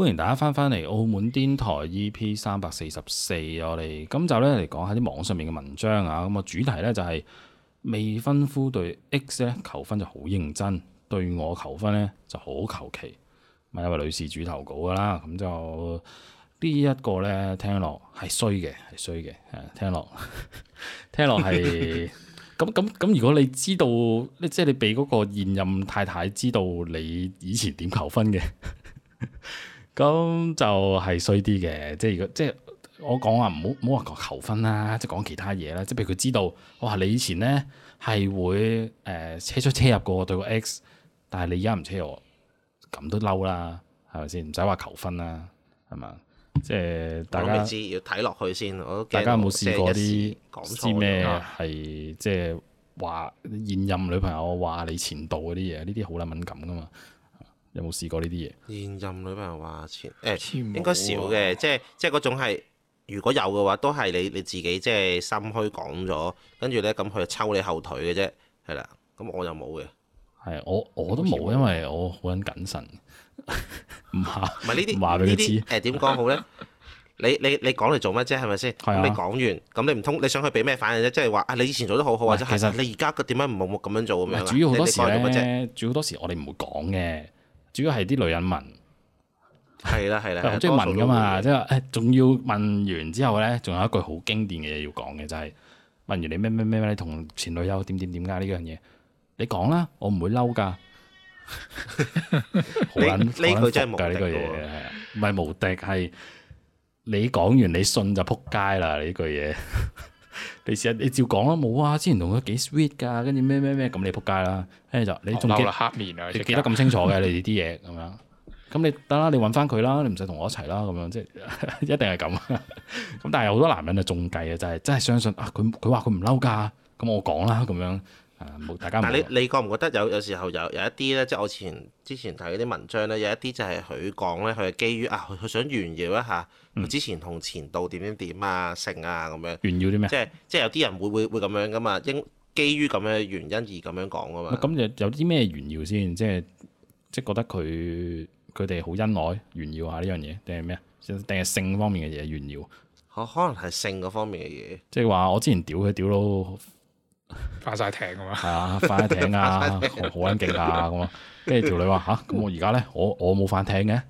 歡迎大家翻翻嚟澳門電台 EP 三百四十四，我哋今集咧嚟講下啲網上面嘅文章啊，咁啊主題咧就係、是、未婚夫對 X 咧求婚就好認真，對我求婚咧就好求其。咪一位女事主投稿噶啦，咁就呢一個咧聽落係衰嘅，係衰嘅，誒聽落聽落係，咁咁咁如果你知道即係、就是、你俾嗰個現任太太知道你以前點求婚嘅，咁就係衰啲嘅，即係如果即係我講話，唔好唔好話講求婚啦，即係講其他嘢啦，即係譬如佢知道，哇、哦！你以前咧係會誒、呃、車出車入對過對個 X，但係你而家唔車我，咁都嬲啦，係咪先？唔使話求婚啦，係嘛？即係大家我未知要睇落去先，我都驚大家有冇試過啲講錯咩？係即係話現任女朋友話你前度嗰啲嘢，呢啲好撚敏感噶嘛。有冇試過呢啲嘢？現任女朋友話前誒，欸啊、應該少嘅，即係即係嗰種係。如果有嘅話，都係你你自己即係心虛講咗，跟住咧咁佢就抽你後腿嘅啫。係啦，咁我就冇嘅。係我我都冇，因為我好緊謹慎。唔 係說 呢啲話俾你知誒？點講好咧？你你你講嚟做乜啫？係咪先？你講的完咁你唔通你想去俾咩反應啫？即係話啊，你以前做得好好或者係其實你而家嘅點解唔冇咁樣做咁樣？主要好多時啫？主要好多時我哋唔會講嘅。主要係啲女人問，係啦係啦，佢好中意問噶嘛，即係誒，仲要問完之後咧，仲有一句好經典嘅嘢要講嘅就係、是、問完你咩咩咩咩，你同前女友點點點噶呢樣嘢，你講啦，我唔會嬲噶。好，呢句真係無敵㗎呢個嘢，唔係無敵係你講完你信就撲街啦呢句嘢。這個 你成日你照講咯，冇啊，之前同佢幾 sweet 噶跟住咩咩咩咁你仆街啦，跟住就你仲黑面，你記得咁清楚嘅你啲嘢咁樣，咁你得啦，你搵翻佢啦，你唔使同我一齊啦，咁樣即係一定係咁。咁但係好多男人啊中計啊，就係真係相信啊，佢佢話佢唔嬲噶咁我講啦咁樣，冇大家。但你你覺唔覺得有有時候有有一啲咧，即係我前之前睇嗰啲文章咧，有一啲就係佢講咧，佢係基於啊，佢想炫耀一下。嗯、之前同前度點點點啊，性啊咁樣，炫耀啲咩？即係即係有啲人會會會咁樣噶、啊、嘛，應基於咁樣原因而咁樣講噶、啊、嘛。咁有有啲咩炫耀先？即係即係覺得佢佢哋好恩愛，炫耀下呢樣嘢，定係咩啊？定係性方面嘅嘢炫耀？可可能係性嗰方面嘅嘢？即係話我之前屌佢屌到快晒艇咁樣。係 啊，快艇、呃、啊，好恩勁啊咁樣。跟住條女話嚇，咁我而家咧，我我冇快艇嘅。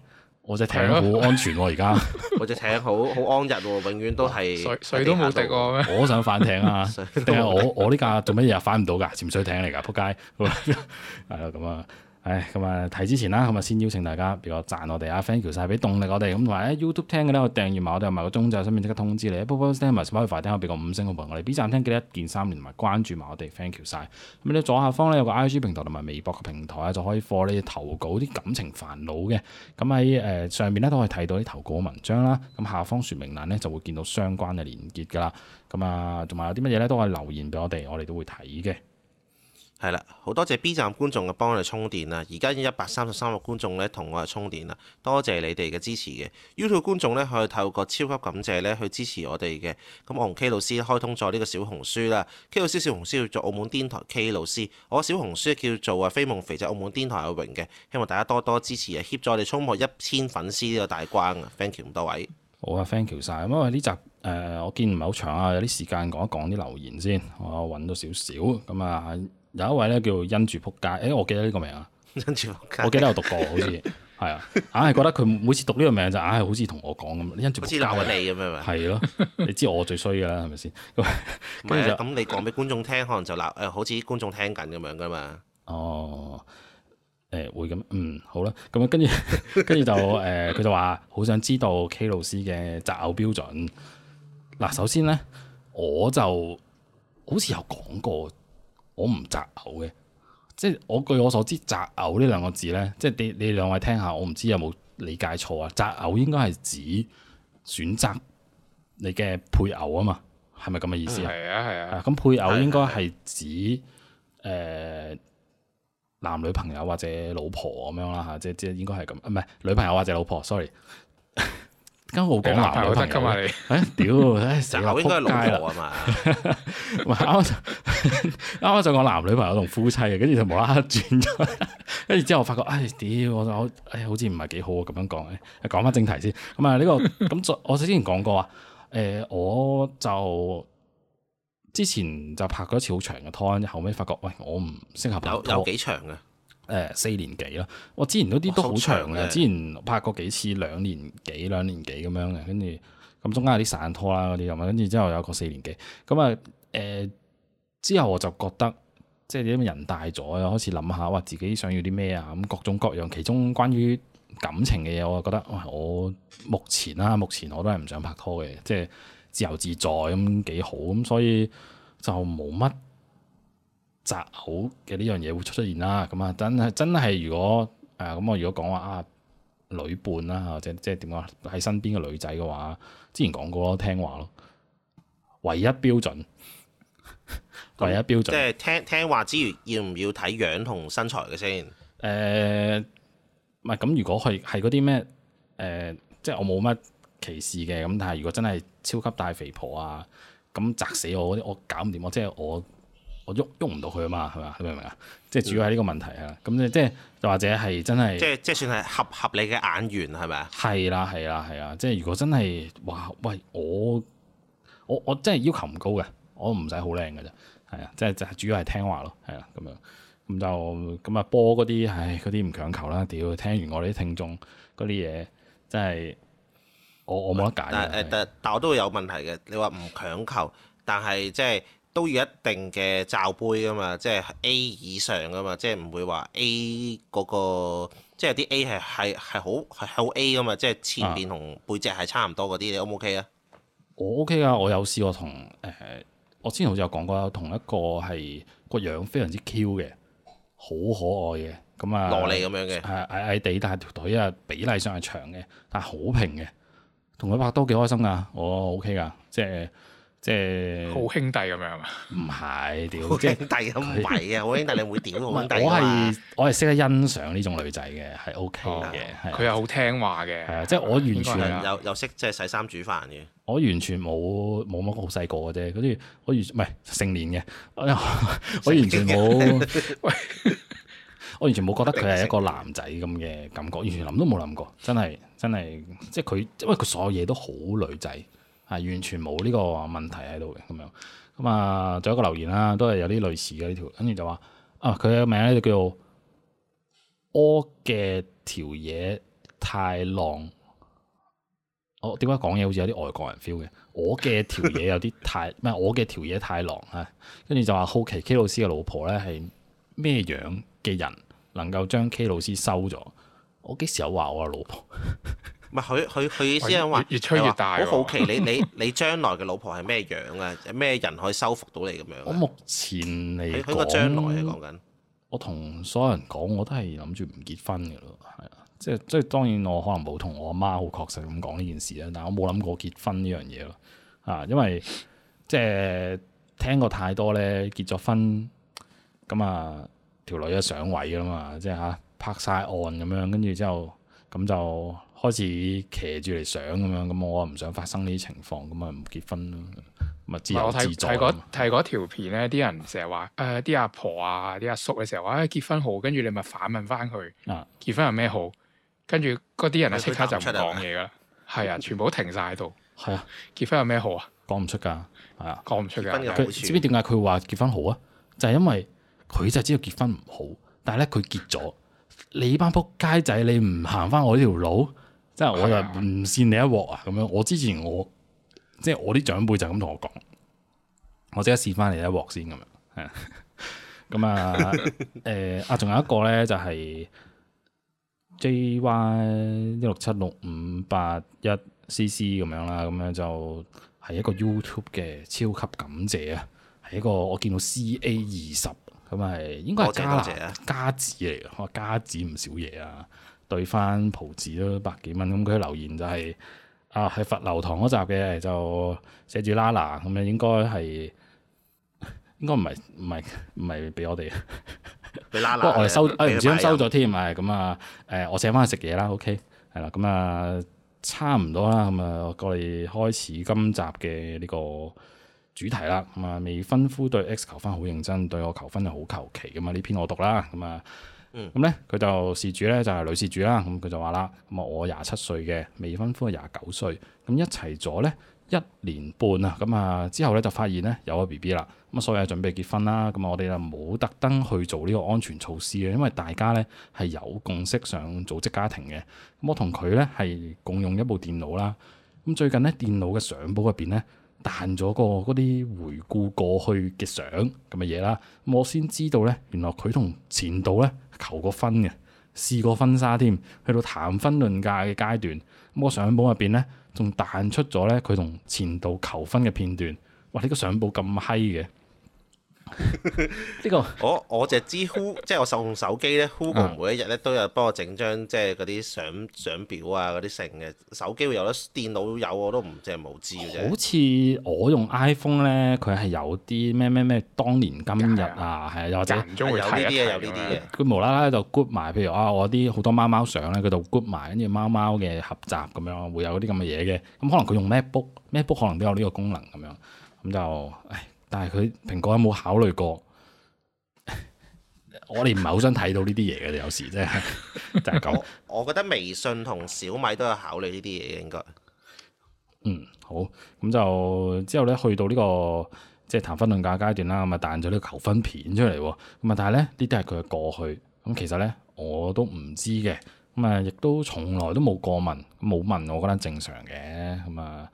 我隻艇好安全喎、啊，而家 我隻艇好好安逸喎、啊，永遠都係水都冇敵過咩？我，啊、我想反艇啊！定係我 我呢架做乜嘢啊？反唔到㗎，潛水艇嚟㗎，仆街！係啦，咁啊～誒咁啊！睇之前啦，咁啊先邀請大家俾個贊我哋啊，thank you 晒俾動力我哋。咁同埋 YouTube 聽嘅呢，我訂閱埋我哋同埋個鐘就上面即刻通知你。Popo 俾個五星好評我哋 B 站聽得一件三年聽記得一鍵三連同埋關注埋我哋，thank you 晒。咁你左下方咧有個 IG 平台同埋微博嘅平台就可以 for 你投稿啲感情煩惱嘅。咁喺誒上面咧都可以睇到啲投稿文章啦。咁下方說明欄呢就會見到相關嘅連結噶啦。咁啊，同埋有啲乜嘢咧都可以留言俾我哋，我哋都會睇嘅。係啦，好多謝 B 站觀眾嘅幫我哋充電啦，而家已經一百三十三個觀眾咧同我哋充電啦，多謝你哋嘅支持嘅。YouTube 觀眾咧可以透過超級感謝咧去支持我哋嘅。咁我同 K 老師開通咗呢個小紅書啦，K 老師小紅書叫做澳門電台 K 老師，我小紅書叫做啊飛夢肥仔，就是，澳門電台阿榮嘅，希望大家多多支持啊，協助我哋沖破一千粉絲呢個大關。謝謝啊，thank you 咁多位。好啊，thank you 晒。咁啊呢集誒我見唔係好長啊，有啲時間，講一講啲留言先，我搵到少少咁啊。有一位咧叫因住撲街，誒、欸，我記得呢個名啊，因住撲街， 我記得有讀過，好似係啊，硬、啊、係覺得佢每次讀呢個名就硬係好似同我講咁，因住好似鬧緊你咁樣啊，係咯、 啊，你知我最衰噶啦，係咪先？唔係就，咁、啊、你講俾觀眾聽，可能就鬧，誒、呃，好似觀眾聽緊咁樣噶嘛。哦，誒、欸，會咁，嗯，好啦，咁啊，跟住，跟住就，誒、呃，佢就話好想知道 K 老師嘅擇偶標準。嗱、啊，首先咧，我就好似有講過。我唔擇偶嘅，即係我據我所知，擇偶呢兩個字咧，即係你你兩位聽下，我唔知有冇理解錯啊？擇偶應該係指選擇你嘅配偶啊嘛，係咪咁嘅意思啊？係啊係啊，咁、嗯嗯嗯、配偶應該係指誒、呃、男女朋友或者老婆咁樣啦吓，即係即係應該係咁，唔係女朋友或者老婆，sorry。 跟好講男女朋友，嘛？誒、哎、屌！誒石牛應該係老婆啊嘛。啱啱啱啱就講男女朋友同夫妻，跟住就無啦啦轉咗，跟 住之後我發覺唉，屌、哎哎嗯、這個！我就誒好似唔係幾好啊咁樣講誒。講翻正題先咁啊！呢個咁就我之前講過啊。誒，我就之前就拍咗一次好長嘅拖，後尾發覺喂，我唔適合拍拖。有有幾長嘅？誒四年幾咯，我、哦、之前嗰啲都好長嘅，哦、長之前拍過幾次兩年幾兩年幾咁樣嘅，跟住咁中間有啲散拖啦嗰啲咁，跟住之後有個四年幾，咁啊誒之後我就覺得即係因為人大咗又開始諗下話自己想要啲咩啊，咁各種各樣，其中關於感情嘅嘢，我就覺得我目前啦，目前我都係唔想拍拖嘅，即係自由自在咁幾好，咁所以就冇乜。擇好嘅呢樣嘢會出出現啦，咁啊真係真係如果啊，咁我如果講話啊女伴啦，或者即係點講喺身邊嘅女仔嘅話，之前講過咯，聽話咯，唯一標準， 唯一標準即係聽聽話之餘，要唔要睇樣同身材嘅先？誒、呃，係咁如果係係嗰啲咩誒，即係我冇乜歧視嘅，咁但係如果真係超級大肥婆啊，咁砸死我啲，我搞唔掂我即係我。我喐喐唔到佢啊嘛，係咪？係咪？明啊？即係主要係呢個問題啊！咁你即係又或者係真係即係即係算係合合理嘅眼緣係咪啊？係啦，係啦，係啊！即係如果真係話，喂，我我我真係要求唔高嘅，我唔使好靚嘅啫，係啊！即係即係主要係聽話咯，係啦，咁樣咁就咁啊！播嗰啲唉，嗰啲唔強求啦，屌，聽完我哋啲聽眾嗰啲嘢，真係我我冇得解但的但我都會有問題嘅。你話唔強求，但係即係。都要一定嘅罩杯噶嘛，即係 A 以上噶嘛，即係唔會話 A 嗰、那個，即係啲 A 係係係好係好 A 噶嘛，即係前面同背脊係差唔多嗰啲，你 O 唔 OK 啊？有有 OK 我 OK 啊，我有試過同誒、呃，我之前好似有講過，同一個係個樣非常之 Q 嘅，好可愛嘅，咁啊，羅莉咁樣嘅，誒、呃、矮矮地，但係條腿啊比例上係長嘅，但係好平嘅，同佢拍都幾開心啊，我 OK 噶，即係。呃即係好兄弟咁樣啊？唔係，屌，好兄弟咁唔係啊？好兄弟你會點？我係我係識得欣賞呢種女仔嘅，係 OK 嘅。佢係好聽話嘅，係啊，即係我完全是是、那個、又又識即係洗衫煮飯嘅。我完全冇冇乜好細個嘅啫，嗰啲我完全唔係成年嘅，我完全冇，我完全冇覺得佢係一個男仔咁嘅感覺，人完全諗都冇諗過，真係真係，即係佢因為佢所有嘢都好女仔。係完全冇呢個問題喺度嘅咁樣，咁啊仲有一個留言啦，都係有啲類似嘅呢、啊、條，跟住就話啊佢嘅名咧就叫我嘅條嘢太浪，我、哦、點解講嘢好似有啲外國人 feel 嘅？我嘅條嘢有啲太咩？ 我嘅條嘢太浪啊！跟住就話好奇 K 老師嘅老婆咧係咩樣嘅人，能夠將 K 老師收咗？我幾時有話我嘅老婆？ 唔係佢佢佢意思係話，越吹越大喎。好奇你你你將來嘅老婆係咩樣啊？咩 人可以收服到你咁樣？我目前嚟講，佢個將來啊講緊。我同所有人講，我都係諗住唔結婚嘅咯，係啊，即即當然我可能冇同我阿媽好確實咁講呢件事啊，但係我冇諗過結婚呢樣嘢咯，啊，因為即聽過太多咧，結咗婚咁啊條女啊上位㗎嘛，即嚇、啊、拍晒案咁樣，跟住之後咁就。開始騎住嚟想咁樣，咁我唔想發生呢啲情況，咁咪唔結婚咯，咪自由自在。我睇睇嗰條片咧，啲人成日話誒啲阿婆啊、啲阿叔嘅時候話結婚好，跟住你咪反問返佢，結婚有咩好？跟住嗰啲人就啊，即刻就唔講嘢㗎啦。係啊，全部都停晒喺度。係啊，結婚有咩好啊？講唔出㗎。係啊，講唔出㗎。知唔知點解佢話結婚好啊？就係、係、因為佢就知道結婚唔好，但係咧佢結咗。你班撲街仔，你唔行返我呢條路。即係我，就唔試你一鑊啊！咁樣，我之前我即係、就是、我啲長輩就咁同我講，我即刻試翻你一鑊先咁樣。咁、 嗯、啊，誒啊，仲有一個咧，就係 JY 一六七六五八一 CC 咁樣啦。咁樣就係一個 YouTube 嘅超級感謝啊！係一個我見到 CA 二十咁啊，係應該係加謝啊，家字嚟嘅，家字唔少嘢啊！對翻葡紙都百幾蚊，咁佢留言就係、是、啊，係佛流堂嗰集嘅，就寫住拉娜，咁樣應該係應該唔係唔係唔係俾我哋，俾拉娜。不過我哋 L 收、誒唔小心收咗添、嗯、啊，咁啊誒，我寫翻去食嘢啦，OK 係啦，咁啊差唔多啦，咁啊過嚟開始今集嘅呢個主題啦，咁啊未婚夫對 X 求婚好認真，對我求婚就好求其。咁啊，呢篇我讀啦，咁啊。咁咧佢就事主咧就係女事主啦。咁佢就話啦：咁啊我廿七歲嘅未婚夫廿九歲，咁一齊咗咧一年半啊。咁啊之後咧就發現咧有個 BB 啦。咁啊所以準備結婚啦。咁啊，我哋就冇特登去做呢個安全措施嘅，因為大家咧係有共識上組織家庭嘅。咁我同佢咧係共用一部電腦啦。咁最近咧電腦嘅相簿入邊咧彈咗個嗰啲回顧過去嘅相咁嘅嘢啦。咁我先知道咧，原來佢同前度咧。求過婚嘅，試過婚紗添，去到談婚論嫁嘅階段，咁個相簿入邊咧，仲彈出咗咧佢同前度求婚嘅片段，哇！呢個相簿咁閪嘅。呢 這個我我就知 w 即係我手用手機咧 Google 每一日咧都有幫我整張即係嗰啲相相表啊，嗰啲成嘅手機會有得，電腦有我都唔即係冇知嘅啫。 好似我用 iPhone 咧，佢係有啲咩咩咩當年今日啊，係、啊、或者有呢啲啊，有呢啲嘅佢無啦啦就 Good 埋，譬如啊我啲好多貓貓相咧，佢就 Good 埋，跟住貓貓嘅合集咁樣會有啲咁嘅嘢嘅。咁可能佢用 MacBook，MacBook 可能都有呢個功能咁樣，咁就誒。但係佢蘋果有冇考慮過？ 我哋唔係好想睇到呢啲嘢嘅，有時真係 就係咁。我覺得微信同小米都有考慮呢啲嘢嘅，應該。嗯，好。咁就之後咧，去到呢、這個即係、就是、談婚論嫁階段啦，咁啊彈咗啲求婚片出嚟喎。咁啊，但係咧呢啲係佢嘅過去。咁其實咧我都唔知嘅。咁啊，亦都從來都冇過問，冇問我覺得正常嘅。咁、嗯、啊。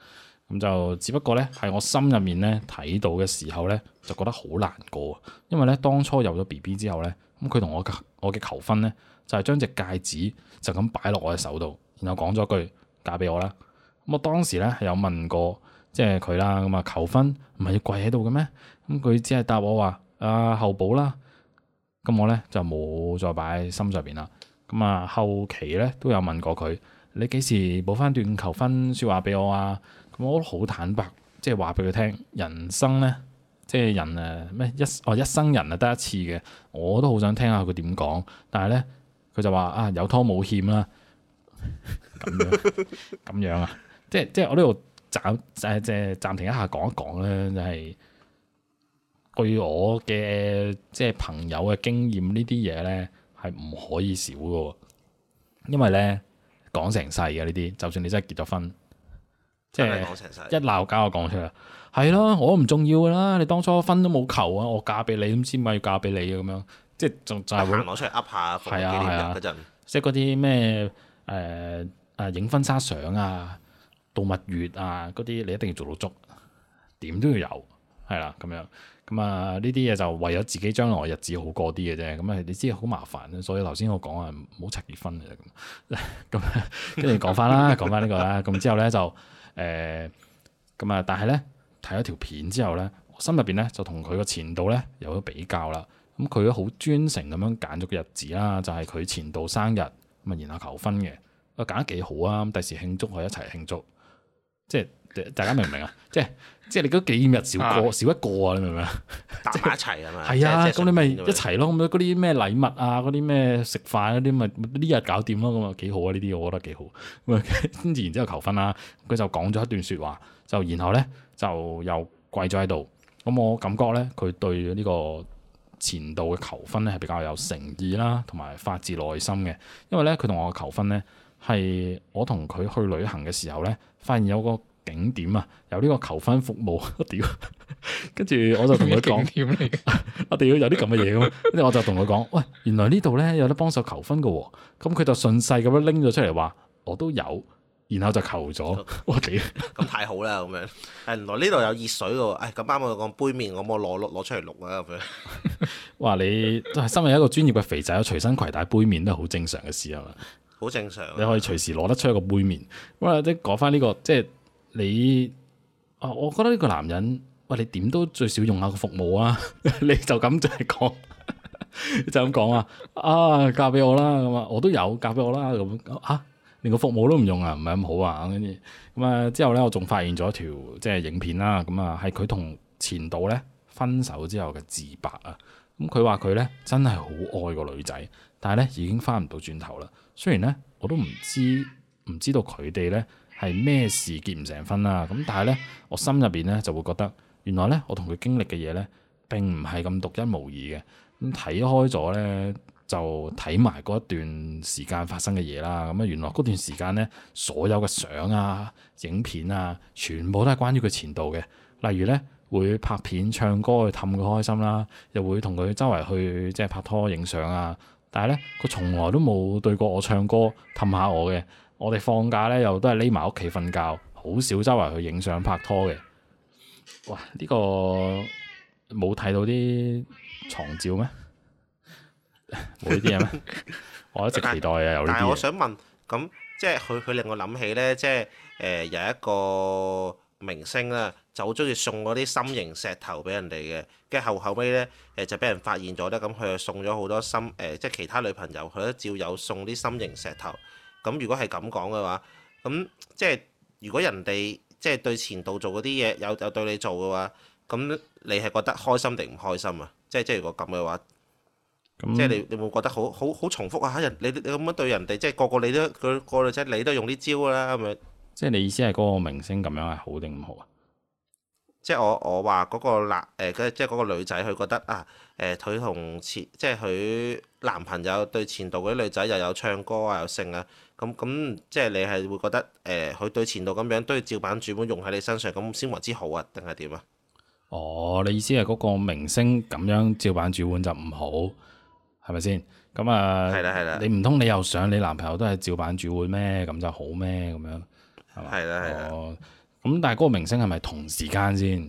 咁就只不過咧，係我心入面咧睇到嘅時候咧，就覺得好難過。因為咧，當初有咗 BB 之後咧，咁佢同我嘅我嘅求婚咧，就係將隻戒指就咁擺落我嘅手度，然後講咗句嫁俾我啦。咁我當時咧係有問過，即係佢啦，咁啊求婚唔係要跪喺度嘅咩？咁佢只係答我話啊後補啦。咁我咧就冇再擺喺心上邊啦。咁啊後期咧都有問過佢，你幾時補翻段求婚說話俾我啊？我好坦白，即係話俾佢聽，人生咧，即係人啊，咩一哦一生人啊得一次嘅，我都好想聽下佢點講，但係咧佢就話啊有拖冇欠啦，咁 樣咁樣啊，即係即係我呢度暫誒即係暫停一下講一講咧，就係、是、據我嘅即係朋友嘅經驗，呢啲嘢咧係唔可以少噶，因為咧講成世嘅呢啲，就算你真係結咗婚。即係一鬧交就講出嚟，係咯，我都唔重要噶啦。你當初分都冇求啊，我嫁俾你咁先，咪要嫁俾你啊。咁樣，即係仲就係會攞出嚟噏下，係啊，係啊，嗰即係嗰啲咩誒誒影婚紗相啊、度蜜月啊嗰啲，你一定要做到足，點都要有，係啦咁樣。咁啊呢啲嘢就為咗自己將來日子好過啲嘅啫。咁啊你知好麻煩，所以頭先我講啊，唔好趁結婚嚟咁。咁跟住講翻啦，講翻呢個啦。咁之後咧就。誒咁啊！但係咧睇咗條片之後咧，我心入邊咧就同佢個前度咧有咗比較啦。咁佢都好專誠咁樣揀咗個日子啦，就係佢前度生日咁啊，然後求婚嘅，啊揀得幾好啊！第時慶祝佢一齊慶祝，即係大家明唔明啊？ 即係。即係你嗰幾日少一個少一個啊，你明唔明？是打埋一齊啊嘛！係啊，咁你咪一齊咯。咁嗰啲咩禮物啊，嗰啲咩食飯嗰啲咪呢日搞掂咯。咁啊幾好啊！呢啲我覺得幾好。咁啊，先至然之後求婚啦、啊。佢就講咗一段説話，就然後咧就又跪咗喺度。咁我感覺咧，佢對呢個前度嘅求婚咧係比較有誠意啦，同埋發自內心嘅。因為咧，佢同我求婚咧係我同佢去旅行嘅時候咧，發現有個。點 景點啊， 有呢個求婚服務，屌，跟住我就同佢講，我哋要有啲咁嘅嘢咁，跟住我就同佢講，喂，原來呢度咧有得幫手求婚嘅，啊，咁、呃、佢就順勢咁樣拎咗出嚟話，我都有，然後就求咗有，我屌，咁 太好啦咁樣，誒，原來呢度有熱水嘅，誒、哎，咁啱我講杯麵，我冇攞攞出嚟錄啊咁樣， 哇，你都係身為一個專業嘅肥仔，有隨身攜帶杯麵都係好正常嘅事吖嘛，好正常，你可以隨時攞得出一個杯麵，咁 啊，即係講翻呢個即係。就是你啊，我覺得呢個男人喂，你點都最少用下個服務啊？ 你就咁 就係講就咁講啊？啊，嫁俾我啦咁啊，我都有嫁俾我啦咁吓、啊，連個服務都唔用啊，唔係咁好啊。跟住咁啊之後咧，我仲發現咗一條即係影片啦。咁啊，係佢同前度咧分手之後嘅自白啊。咁佢話佢咧真係好愛個女仔，但係咧已經翻唔到轉頭啦。雖然咧我都唔知唔知道佢哋咧。係咩事結唔成婚啦，啊？咁但係咧，我心入邊咧就會覺得，原來咧我同佢經歷嘅嘢咧並唔係咁獨一無二嘅。咁睇開咗咧，就睇埋嗰一段時間發生嘅嘢啦。咁啊，原來嗰段時間咧，所有嘅相啊、影片啊，全部都係關於佢前度嘅。例如咧，會拍片、唱歌去氹佢開心啦，啊，又會同佢周圍去即係拍拖、影相啊。但係咧，佢從來都冇對過我唱歌氹下我嘅。我哋放假咧，又都係匿埋屋企瞓覺，好少周圍去影相拍拖嘅。哇！呢個冇睇到啲床照咩？冇呢啲嘢咩？我一直期待啊！有呢啲，但係我想問，咁即係佢佢令我諗起咧，即係誒有一個明星啦，就好中意送嗰啲心形石頭俾人哋嘅。跟住後後尾咧，誒就俾人發現咗咧，咁佢又送咗好多心誒，即係其他女朋友佢都照有送啲心形石頭。咁如果係咁講嘅話，咁即係如果人哋即係對前度做嗰啲嘢，有有對你做嘅話，咁你係覺得開心定唔開心啊？即係即係如果咁嘅話，那即係你你會覺得好好好重複啊！嚇人，你你咁樣對人哋，即係個個你都佢個，個女仔，你都用啲招㗎啦，咁樣。即係你意思係嗰個明星咁樣係好定唔好啊？即係我我話嗰、那個男誒、呃，即係嗰個女仔，佢覺得啊誒佢同前，即係佢男朋友對前度嗰啲女仔又有唱歌啊，又有性啊，咁咁即係你係會覺得誒，佢、呃、對前度咁樣都要照板煮碗用喺你身上，咁先為之好啊？定係點啊？哦，你意思係嗰個明星咁樣照板煮碗就唔好，係咪先？咁啊，係啦係啦，你唔通你又想你男朋友都係照板煮碗咩？咁就好咩？咁樣係嘛？係啦係啦。的咁但係嗰個明星係咪同時間先？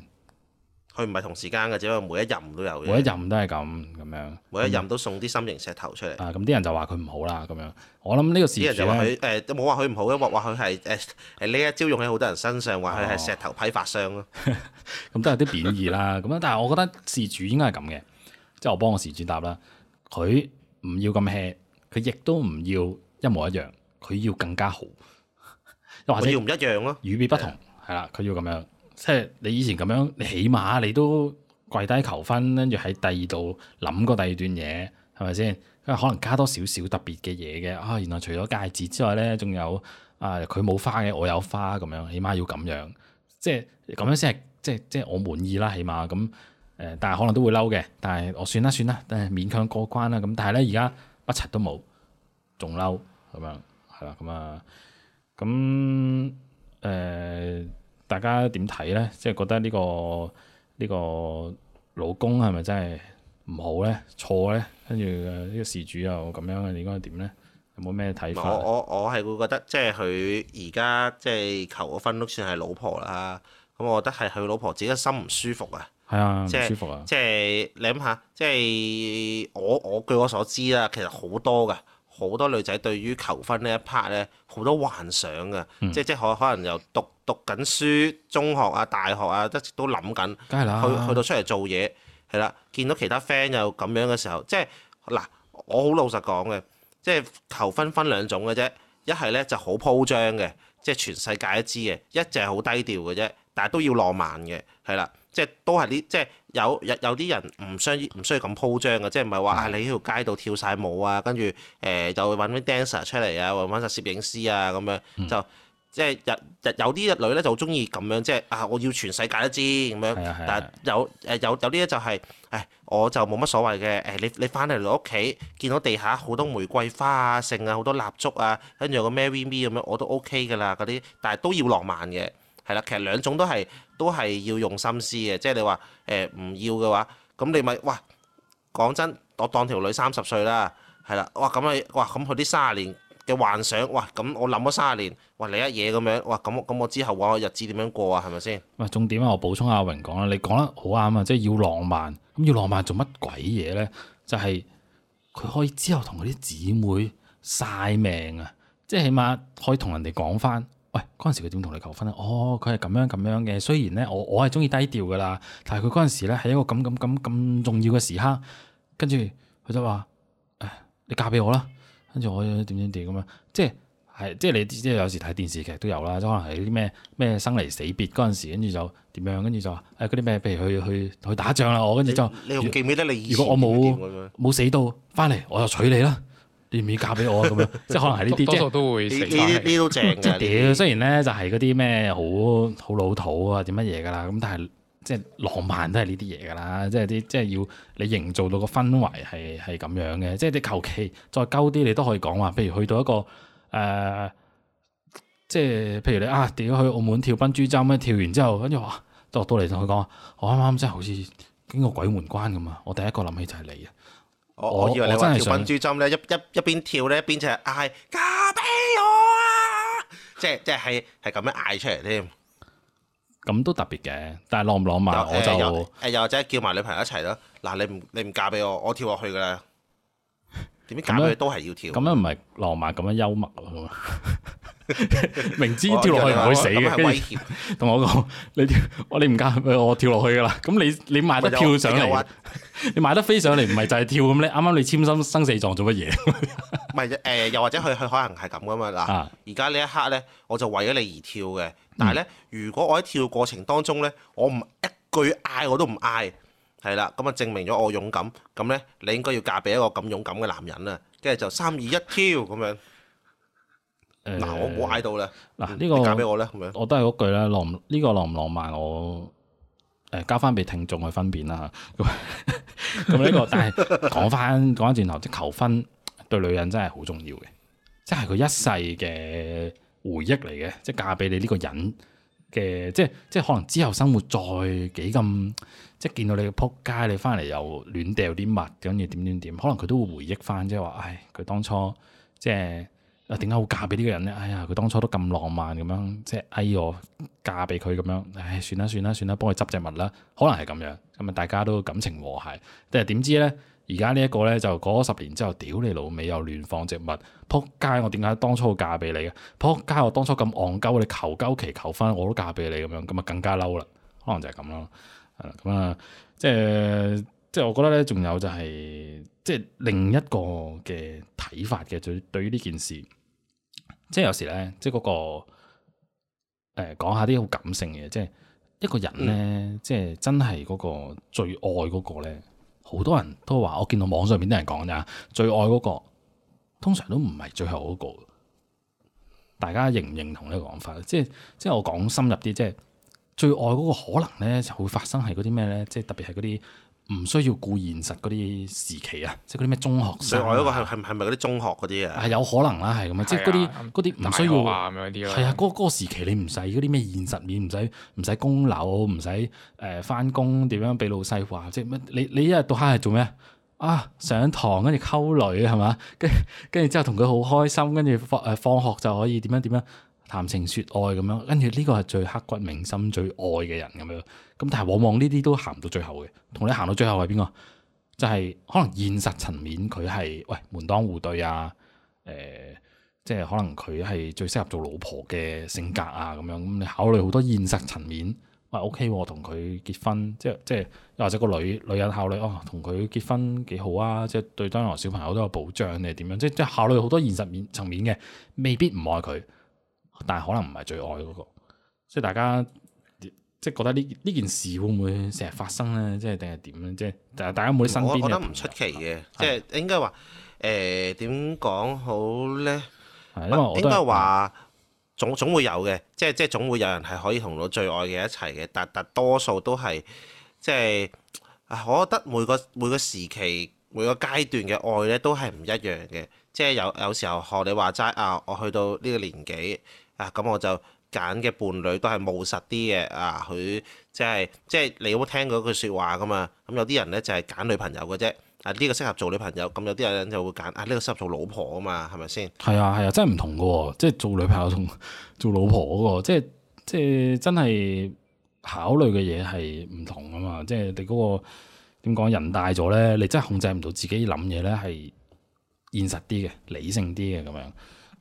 佢唔係同時間嘅，只不過每一任都有嘅。每一任都係咁咁樣。樣每一任都送啲心形石頭出嚟。啊，咁啲人就話佢唔好啦，咁樣。我諗呢個事主，啲人就話佢冇話佢唔好，一話話佢係誒，呢、欸、一招用喺好多人身上，話佢係石頭批發商咯。咁都、哦、 有啲貶義啦。咁啊，但係我覺得事主應該係咁嘅，即係 我幫我事主答啦。佢唔要咁吃，佢亦都唔要一模一樣，佢要更加好。或者唔一樣咯， 與別不同。 係啦，佢要咁樣，即係你以前咁樣，你起碼你都跪低求婚，跟住喺第二度諗過第二段嘢，係咪先？因為可能加多少少特別嘅嘢嘅啊，原來除咗戒指之外咧，仲有啊，佢冇花嘅，我有花咁樣，起碼要咁樣，即係咁樣先係，即係即係我滿意啦，起碼咁誒，但係可能都會嬲嘅，但係我算啦算啦，但係勉強過關啦咁，但係咧而家乜齊都冇，仲嬲咁樣，係啦咁啊，咁誒。呃呃大家點睇咧？即係覺得呢個呢個老公係咪真係唔好咧、錯咧？跟住呢個事主又咁樣，你應該點咧？有冇咩睇法？我我我係會覺得，即係佢而家即係求個婚都算係老婆啦。咁我覺得係佢老婆自己心唔舒服啊。係啊，唔舒服啊。即係你諗下，即係我我據我所知啦，其實好多㗎。好多女仔對於求婚呢一 part 呢，好多幻想嘅，嗯、即即可可能由讀讀緊書，中學啊、大學啊，一直都諗緊。梗係啦，去去到出嚟做嘢係啦，見到其他 friend 又咁樣嘅時候，即係嗱，我好老實講嘅，即係求婚分兩種嘅啫，一係呢就好鋪張嘅，即係全世界都知嘅；一係係好低調嘅啫，但係都要浪漫嘅，係啦。即係都係啲，即係有有有啲人唔需要唔需要咁鋪張嘅，即係唔係話啊你喺條街度跳晒舞啊，跟住誒就揾啲 dancer 出嚟啊，或者揾攝影師啊咁樣，嗯、就即係日日有啲女咧就中意咁樣，即係啊我要全世界都知咁樣，但係有誒有有啲咧就係、是，誒我就冇乜所謂嘅，誒、欸、你你翻嚟你屋企見到地下好多玫瑰花啊，剩啊好多蠟燭啊，跟住有個 marry me 咁樣我都 OK 㗎啦嗰啲，但係都要浪漫嘅。係啦，其實兩種都係都係要用心思嘅，即係你話誒唔要嘅話，咁你咪哇講真，我當條女三十歲啦，係啦，哇咁啊，哇咁佢啲三十年嘅幻想，哇咁我諗咗三十年，哇嚟一嘢咁樣，哇咁咁我之後話我日子點樣過啊？係咪先？唔係重點啊！我補充阿榮講啦，你講得好啱啊，即係要浪漫，咁要浪漫做乜鬼嘢咧？就係佢可以之後同佢啲姊妹曬命啊，即係起碼可以同人哋講翻。嗰陣、哎、時佢點同你求婚啊？哦，佢係咁樣咁樣嘅。雖然咧，我我係中意低調噶啦，但係佢嗰陣時咧係一個咁咁咁咁重要嘅時刻，跟住佢就話：誒、哎，你嫁俾我啦！跟住我點點點咁樣，即係係即係你即係有時睇電視劇都有啦，即可能係啲咩咩生離死別嗰陣時，跟住就點樣，跟住就話誒嗰啲咩，譬、哎、如去去去，去打仗啦，我跟住就你記唔記得你？如果我冇冇死到翻嚟，我就娶你啦。你唔要嫁俾我啊！咁樣 即係可能係呢啲，多數都會呢呢啲啲都正嘅。即係屌，雖然咧就係嗰啲咩好好老土啊，點乜嘢噶啦？咁但係即係浪漫都係呢啲嘢噶啦。即係啲即係要你營造到個氛圍係係咁樣嘅。即係你求其再鳩啲，你都可以講話。譬如去到一個誒、呃，即係譬如你啊屌去澳門跳笨豬跳咩，跳完之後跟住哇落到嚟同佢講，我啱啱真係好似經過鬼門關咁啊！我第一個諗起就係你啊！我，我以為你話跳笨豬繩咧，一邊跳一一邊跳咧一邊就嗌嫁俾我啊， 即係即係係係咁樣嗌出嚟添，咁都特別嘅，但係浪唔浪漫我就誒又或者、uh, uh, 叫埋女朋友一齊咯，嗱你唔你唔嫁俾我，我跳落去噶啦。點解佢都係要跳？咁樣唔係浪漫，咁樣幽默啊！ 明知跳落去唔會死嘅， 威脅跟住同我講： 你跳我你唔加，我跳落去噶啦！咁你你買得跳上嚟，你買得飛上嚟，唔係 就係跳咁 你啱啱你簽生生死狀做乜嘢？係誒，又或者佢佢可能係咁噶嘛？嗱，而家呢一刻咧，我就為咗你而跳嘅。但係咧，如果我喺跳過程當中咧，我唔一句嗌我都唔嗌。係啦，咁啊證明咗我勇敢，咁咧你應該要嫁俾一個咁勇敢嘅男人啊，跟住就三二一跳咁樣。嗱、呃，我估喺度啦。嗱、呃，呢、這個嫁俾樣我咧，我都係嗰句咧，浪呢個浪唔浪漫我，我、呃、誒交翻俾聽眾去分辨啦吓。咁 呢、這個，但係講翻講翻轉頭， 即求婚對女人真係好重要嘅，即係佢一世嘅回憶嚟嘅，即係嫁俾你呢個人。嘅即係即係可能之後生活再幾咁，即係見到你個仆街，你翻嚟又亂掉啲物，咁嘢點點點，可能佢都會回憶翻、哎，即係話，唉，佢當初即係啊點解會嫁俾呢個人咧？唉、哎、呀，佢當初都咁浪漫咁樣，即係哎呦嫁俾佢咁樣，唉、哎、算啦算啦算啦，幫佢執隻物啦，可能係咁樣，咁啊大家都感情和諧，即係點知咧？而家呢一個咧，就嗰十年之後，屌你老味又亂放植物，撲街！我點解當初會嫁俾你嘅？撲街！我當初咁戇鳩，你求鳩其求婚，我都嫁俾你咁樣，咁啊更加嬲啦！可能就係咁咯，係啦，咁、嗯、啊，即係即係我覺得咧，仲有就係、是、即係另一個嘅睇法嘅，對對於呢件事，即係有時咧，即係嗰、嗰個誒、欸、講下啲好感性嘅，即係一個人咧，嗯、即係真係嗰個最愛嗰個咧。好多人都話，我見到網上邊網上面啲人講啫，最愛嗰個通常都唔係最後嗰個，大家認唔認同呢個講法？即係即係我講深入啲，即係最愛嗰個可能咧就會發生係嗰啲咩咧？即係特別係嗰啲。唔需要顧現實嗰啲時期，係係啊，即係嗰啲咩中學。上外一個係係咪嗰啲中學嗰啲啊？係有可能啦，係咁樣，即係嗰啲啲唔需要啊係啊，嗰嗰、嗰個嗰個時期你唔使嗰啲咩現實面，唔使唔使供樓，唔使誒翻工點、呃、樣俾老細話，即係乜你你一日到黑係做咩啊？啊上堂跟住溝女係嘛？跟跟住之後同佢好開心，跟住放誒、呃、放學就可以點樣點樣。談情説愛咁樣，跟住呢個係最刻骨銘心、最愛嘅人咁樣。咁但係往往呢啲都行唔到最後嘅。同你行到最後係邊個？就係、是、可能現實層面佢係喂門當戶對啊。誒、呃，即係可能佢係最適合做老婆嘅性格啊。咁樣咁你考慮好多現實層面，喂、哎、OK，我同佢結婚，即係即係又或者個女女人考慮哦，同佢結婚幾好啊，即係對當年小朋友都有保障你係點樣？即係即係考慮好多現實面層面嘅，未必唔愛佢。但係可能唔係最愛嗰個，所以大家即係覺得呢呢件事會唔會成日發生咧？即係定係點咧？即係但係大家冇啲身邊，我覺得唔出奇嘅，的即係應該話誒點講好咧？係、呃、因為我都應該話總總會有嘅，即係即係總會有人係可以同到最愛嘅一齊嘅，但但多數都係即係，我覺得每個每個時期每個階段嘅愛咧都係唔一樣嘅。即係有有時候學你話齋啊，我去到呢個年紀啊，咁我就揀嘅伴侶都係務實啲嘅啊。佢、就是、即係即係你有冇聽過句説話噶嘛？咁、啊、有啲人咧就係、是、揀女朋友嘅啫啊，呢個適合做女朋友。咁、啊、有啲人就會揀啊，呢個適合做老婆啊嘛，係咪先？係啊係啊，真係唔同嘅喎，即係做女朋友同做老婆嗰個即係即係真係考慮嘅嘢係唔同啊嘛。即係你嗰個點講，人大咗咧，你真係控制唔到自己諗嘢咧，係。現實啲嘅，理性啲嘅咁樣，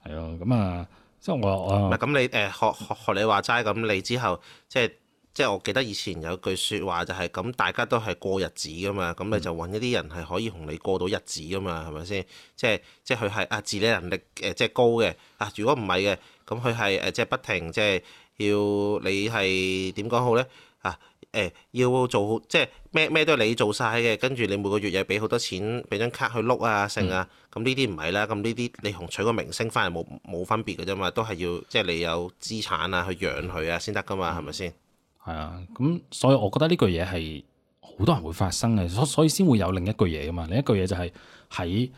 係咯，咁啊、嗯嗯呃，即係我我唔係咁你誒學學學你話齋咁你之後即係即係我記得以前有句説話就係、是、咁大家都係過日子㗎嘛，咁你就搵一啲人係可以同你過到日子㗎嘛，係咪先？即係即係佢係啊自理能力誒、呃、即係高嘅啊，如果唔係嘅，咁佢係誒即係不停即係要你係點講好咧啊？誒要做即係咩咩都係你做晒嘅，跟住你每個月又俾好多錢，俾張卡去碌啊剩啊，咁呢啲唔係啦，咁呢啲你同娶個明星翻嚟冇冇分別嘅啫嘛，都係要即係你有資產啊，去養佢啊先得噶嘛，係咪先？係啊，咁所以我覺得呢句嘢係好多人會發生嘅，所所以先會有另一句嘢噶嘛，另一句嘢就係喺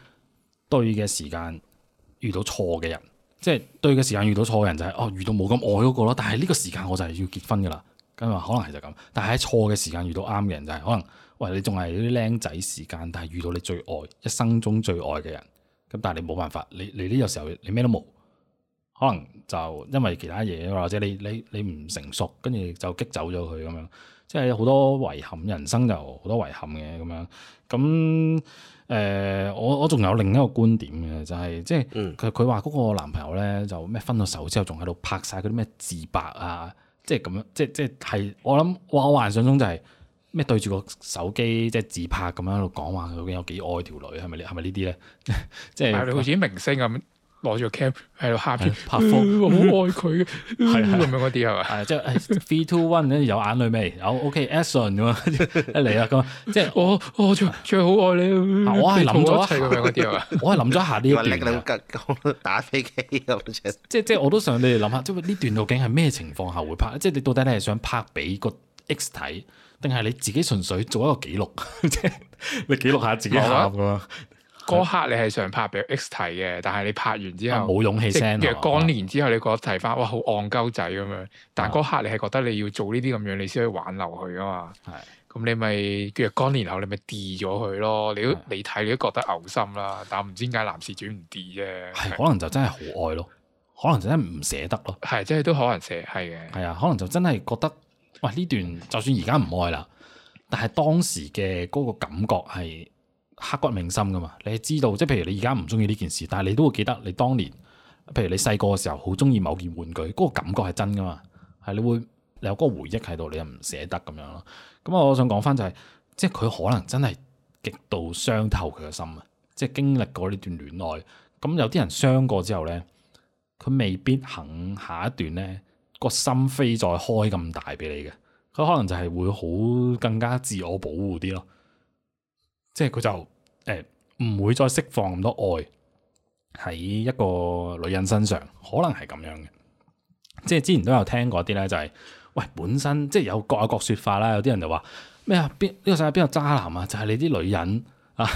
對嘅時間遇到錯嘅人，即係對嘅時間遇到錯嘅人就係哦遇到冇咁愛嗰個咯，但係呢個時間我就係要結婚噶啦。咁話可能係就咁，但係喺錯嘅時間遇到啱嘅人就係可能，喂，你仲係啲僆仔時間，但係遇到你最愛、一生中最愛嘅人。咁但係你冇辦法，你你呢個時候你咩都冇，可能就因為其他嘢或者你你你唔成熟，跟住就激走咗佢咁樣，即係好多遺憾，人生就好多遺憾嘅咁樣。咁誒、呃，我我仲有另一個觀點嘅，就係、是、即係佢佢話嗰個男朋友咧就咩分咗手之後仲喺度拍晒嗰啲咩自白啊。即係咁樣，即係即係係，我諗我幻想中就係咩對住個手機即係自拍咁樣喺度講話，究竟有幾愛條女係咪咧？係咪呢啲咧？ 即係好似啲明星咁。攞住個 c a p 喺度下住拍拖，好愛佢嘅，係咁樣嗰啲係嘛？即係 three two one，有眼淚未？有 OK，action 咁啊，嚟啦咁啊，即係我我最最好愛你，我係諗咗啊，我係諗咗下呢段，打飛機咁，即係即係我都想你哋諗下，即係呢段究竟係咩情況下會拍？即係你到底你係想拍俾個 X 睇，定係你自己純粹做一個記錄？即係你記錄下自己吓咁。嗰刻你係想拍俾 X 睇嘅，但係你拍完之後冇勇氣聲。若干年之後，是的 你覺得睇翻，哇，好戇鳩仔咁樣。但嗰刻你係覺得你要做呢啲咁樣，你先可以挽留佢啊嘛。咁是的 你咪，若干年後你咪 diss 咗佢咯。你都是的 你睇，你都覺得嘔心啦。但唔知點解男事主唔 diss 啫。係，可能就真係好愛咯，可能就真係唔捨得咯。係即係都可能捨係嘅。係啊，可能就真係覺得，哇！呢段就算而家唔愛啦，但係當時嘅嗰個感覺係。刻骨銘心噶嘛？你係知道，即係譬如你而家唔中意呢件事，但係你都會記得你當年，譬如你細個嘅時候好中意某件玩具，嗰個感覺係真噶嘛？係你會你有嗰個回憶喺度，你又唔捨得咁樣咯。咁我想講翻就係，即係佢可能真係極度傷透佢嘅心，啊，即係經歷過呢段戀愛，咁有啲人傷過之後咧，佢未必肯下一段咧個心扉再開咁大俾你嘅，佢可能就係會好更加自我保護啲咯。即係佢就誒唔、欸、會再釋放咁多愛喺一個女人身上，可能係咁樣嘅。即係之前都有聽過啲咧、就是，就係喂本身即係有各有各說法啦。有啲人就話咩啊？邊呢、這個世界邊有渣男啊？就係、是、你啲女人啊，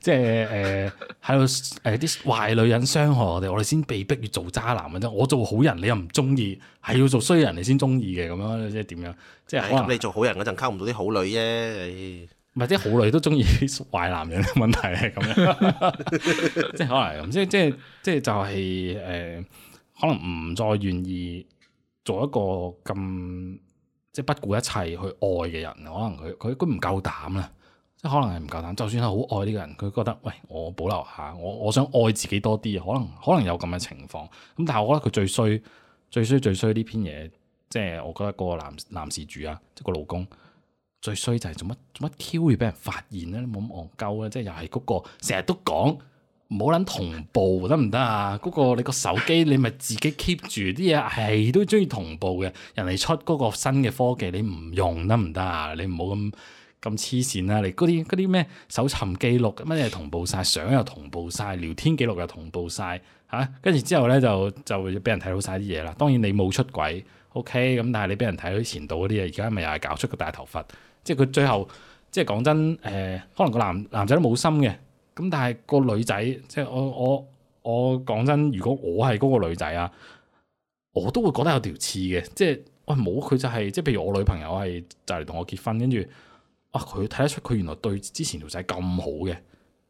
即係誒喺度誒啲壞女人傷害我哋，我哋先被逼要做渣男嘅啫。我做好人，你又唔中意，係要做衰人你先中意嘅咁樣，即係點樣？即係可能、欸、你做好人嗰陣，溝唔到啲好女啫，唉、欸。或者好女都中意壞男人嘅問題係咁樣，即係可能咁，即係即係即係就係誒，可能唔再願意做一個咁即係不顧一切去愛嘅人，可能佢佢佢唔夠膽啦，即係可能係唔夠膽。就算係好愛呢個人，佢覺得喂，我保留下，我我想愛自己多啲啊，可能可能有咁嘅情況。咁但係我覺得佢最衰最衰最衰呢篇嘢，即係我覺得嗰個男男事主啊，即係個老公。最衰就係做乜做乜 Q 要俾人發現咧？冇咁戇鳩咧，即係又係嗰、嗰個成日都講唔好撚同步得唔得啊？嗰、嗰個你個手機你咪自己 keep 住啲嘢係都中意同步嘅。人哋出嗰個新嘅科技你唔用得唔得啊？你唔好咁咁黐線啊！你嗰啲啲咩搜尋記錄乜嘢同步晒，相又同步晒，聊天記錄又同步晒。嚇、啊。跟住之後咧就就俾人睇到晒啲嘢啦。當然你冇出軌 OK 咁，但係你俾人睇到前度嗰啲嘢，而家咪又係搞出個大頭佛。即係佢最後，即係講真，誒、呃，可能個男男仔都冇心嘅，咁但係個女仔，即係我我我講真，如果我係嗰個女仔啊，我都會覺得有條刺嘅，即係，喂、哎，冇佢就係、是，即係譬如我女朋友係就嚟同我結婚，跟住，啊，佢睇得出佢原來對之前條仔咁好嘅。